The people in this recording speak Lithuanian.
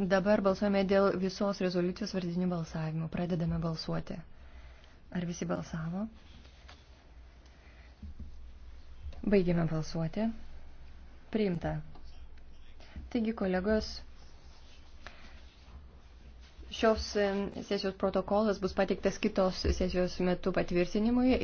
Dabar balsuojame dėl visos rezoliucijos vardinių balsavimų. Pradedame balsuoti. Ar visi balsavo? Baigiame balsuoti. Priimta. Taigi, kolegos, šios sesijos protokolas bus pateiktas kitos sesijos metu patvirtinimui.